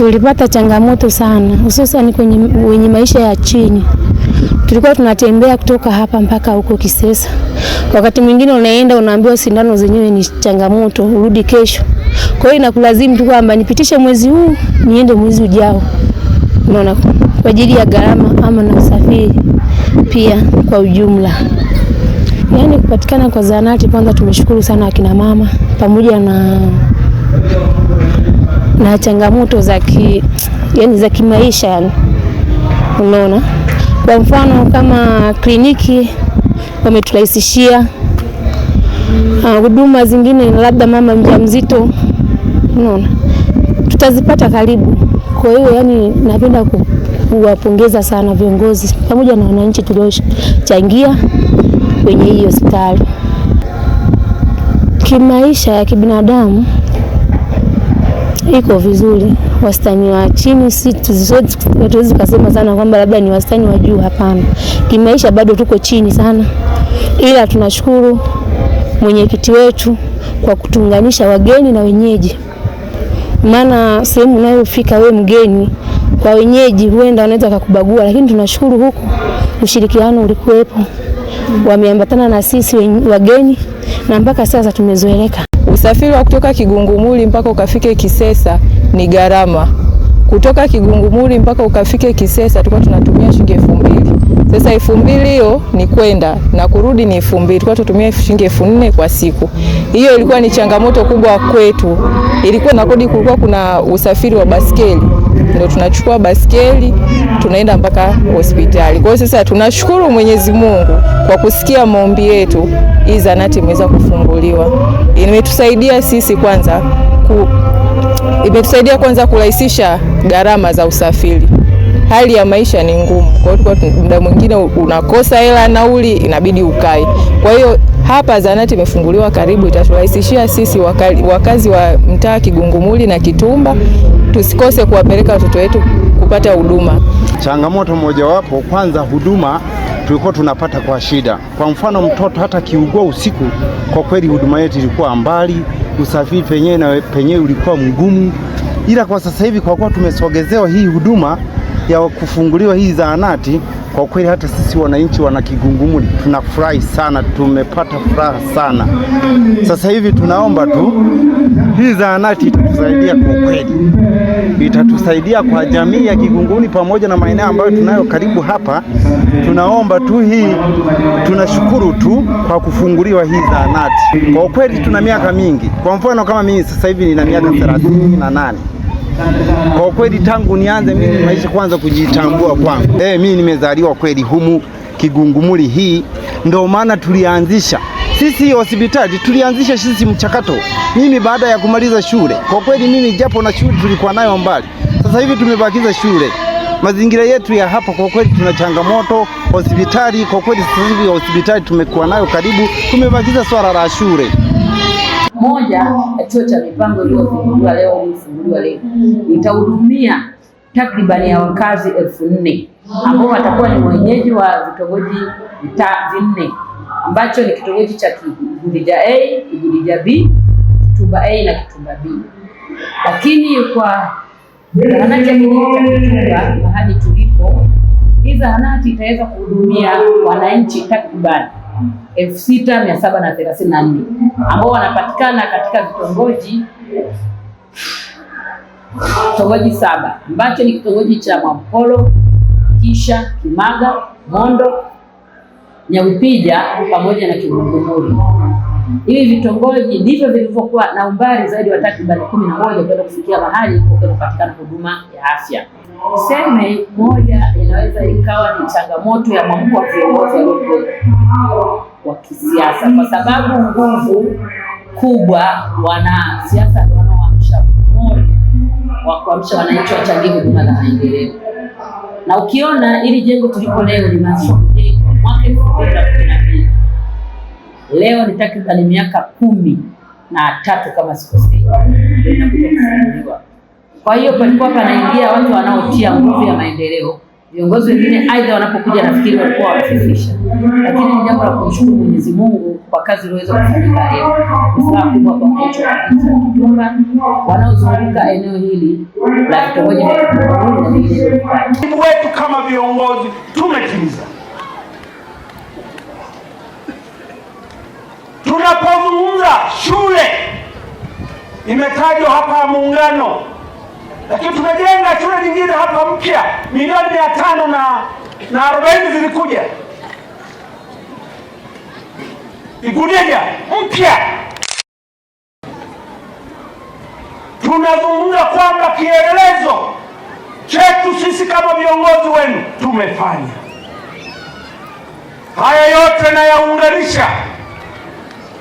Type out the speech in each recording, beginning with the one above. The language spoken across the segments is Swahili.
Tulipata changamoto sana hususani kwenye wenye maisha ya chini. Tulikuwa tunatembea kutoka hapa mpaka huko Kisesa. Wakati mwingine unaenda unaambiwa sindano zenyewe ni changamoto, urudi kesho. Kwa hiyo inakulazimu tu kwamba nipitishe mwezi huu niende mwezi ujao, unaona, kwa ajili ya gharama ama na usafiri pia kwa ujumla. Yaani kupatikana kwa zahanati kwanza, tumeshukuru sana akina mama pamoja na na changamoto za ki, yani za kimaisha yani, unaona kwa mfano kama kliniki wameturahisishia ah, huduma zingine, labda mama mjamzito, unaona tutazipata karibu. Kwa hiyo yani, napenda kuwapongeza sana viongozi pamoja na wananchi tuliochangia kwenye hii hospitali. Kimaisha ya kibinadamu iko vizuri, wastani wa chini si tuwezi kusema sana kwamba labda ni wastani wa juu, hapana. Kimaisha bado tuko chini sana, ila tunashukuru mwenyekiti wetu kwa kutuunganisha wageni na wenyeji, maana sehemu unayofika we mgeni kwa wenyeji, huenda wanaweza kukubagua, lakini tunashukuru huku ushirikiano ulikuwepo, wameambatana na sisi wageni na mpaka sasa tumezoeleka. Usafiri wa kutoka Kigungumuli mpaka ukafike Kisesa ni gharama. Kutoka Kigungumuli mpaka ukafike Kisesa tulikuwa tunatumia shilingi elfu mbili. Sasa elfu mbili hiyo ni kwenda na kurudi ni elfu mbili, tulikuwa tunatumia shilingi elfu nne kwa siku. Hiyo ilikuwa ni changamoto kubwa kwetu, ilikuwa na kodi, kulikuwa kuna usafiri wa baskeli ndio tunachukua baskeli tunaenda mpaka hospitali. Kwa hiyo sasa tunashukuru Mwenyezi Mungu kwa kusikia maombi yetu, hii zanati imeweza kufunguliwa. Imetusaidia sisi kwanza ku, imetusaidia kwanza kurahisisha gharama za usafiri hali ya maisha ni ngumu. Kwa hiyo muda mwingine unakosa hela nauli, inabidi ukae. Kwa hiyo hapa zahanati imefunguliwa karibu, itaturahisishia sisi wakali, wakazi wa mtaa Kigungumuli na Kitumba tusikose kuwapeleka watoto wetu kupata huduma. Changamoto mojawapo, kwanza huduma tulikuwa tunapata kwa shida. Kwa mfano, mtoto hata kiugua usiku, kwa kweli huduma yetu ilikuwa mbali, usafiri penyewe na penyewe ulikuwa mgumu, ila kwa sasa hivi kwa kuwa tumesogezewa hii huduma ya kufunguliwa hii zahanati, kwa kweli hata sisi wananchi wana Kigungumuli tunafurahi sana, tumepata furaha sana. Sasa hivi tunaomba tu hii zahanati itatusaidia kwa kweli, itatusaidia kwa jamii ya Kigunguni pamoja na maeneo ambayo tunayo karibu hapa. Tunaomba tu hii, tunashukuru tu kwa kufunguliwa hii zahanati. Kwa kweli tuna miaka mingi, kwa mfano kama mimi sasa hivi nina miaka thelathini na nane. Kwa kweli tangu nianze mimi maisha kwanza kujitambua kwangu, eh, mimi nimezaliwa kweli humu Kigungumuli hii, ndio maana tulianzisha sisi hospitali tulianzisha sisi mchakato, mimi baada ya kumaliza shule. Kwa kweli mimi japo na shule tulikuwa nayo mbali, sasa hivi tumebakiza shule. Mazingira yetu ya hapa kwa kweli tuna changamoto. Hospitali kwa kweli sasa hivi hospitali tumekuwa nayo karibu, tumebakiza swala la shule. Moja, chuo cha mipango iliyofunguliwa leo ilifunguliwa leo itahudumia takribani ya wakazi elfu nne ambao watakuwa ni wenyeji wa vitongoji vinne ambacho ni kitongoji cha Kigurija A, Kigurija B, Kitumba A na Kitumba B. Lakini kwa zahanati ya kijiji cha Kitumba mahali tulipo, hii zahanati itaweza kuhudumia wananchi takribani elfu sita mia saba na thelathini na nne ambao wanapatikana katika vitongoji vitongoji saba ambacho ni kitongoji cha Mwapolo, Kisha, Kimaga, Mondo, Nyaupija pamoja na Kigungumuri. Hivi vitongoji ndivyo vilivyokuwa na umbali zaidi wa takribani kumi na moja kwenda kufikia mahali kupatikana huduma ya afya. Seme moja inaweza ikawa ni changamoto ya mwamko wa viongozi wa kisiasa, kwa sababu nguvu kubwa wanasiasa ndio wanaoamsha moyo wa kuamsha wananchi wachangie huduma za maendeleo. Na ukiona ili jengo tulipo leo limeanzishwa mwaka elfu mbili na kumi na leo ni takribani miaka kumi na tatu kama sikosei. Kwa hiyo palikuwa panaingia watu wanaotia nguvu ya maendeleo. Viongozi wengine aidha wanapokuja nafikiri walikuwa wanafifisha, lakini ni jambo la kumshukuru Mwenyezi Mungu kwa kazi iliyoweza kufanyika leo. Furaha kubwa kwa wananchi wa Kitumba wanaozunguka eneo hili la vitongoji vya Kitumba Wetu kama viongozi tumetimiza Tunapozungumza shule imetajwa hapa Muungano, lakini tumejenga shule nyingine hapa mpya milioni mia tano na na arobaini zilikuja Igudeja mpya. Tunazungumza kwamba kielelezo chetu sisi kama viongozi wenu tumefanya haya yote, nayaunganisha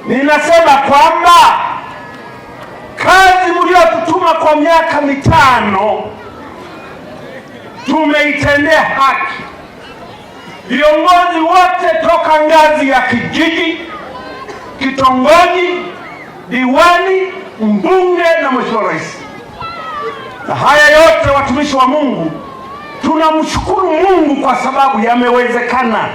Ninasema kwamba kazi mliotutuma kwa miaka mitano tumeitendea haki. Viongozi wote toka ngazi ya kijiji, kitongoji, diwani, mbunge na mheshimiwa rais. Na haya yote, watumishi wa Mungu, tunamshukuru Mungu kwa sababu yamewezekana.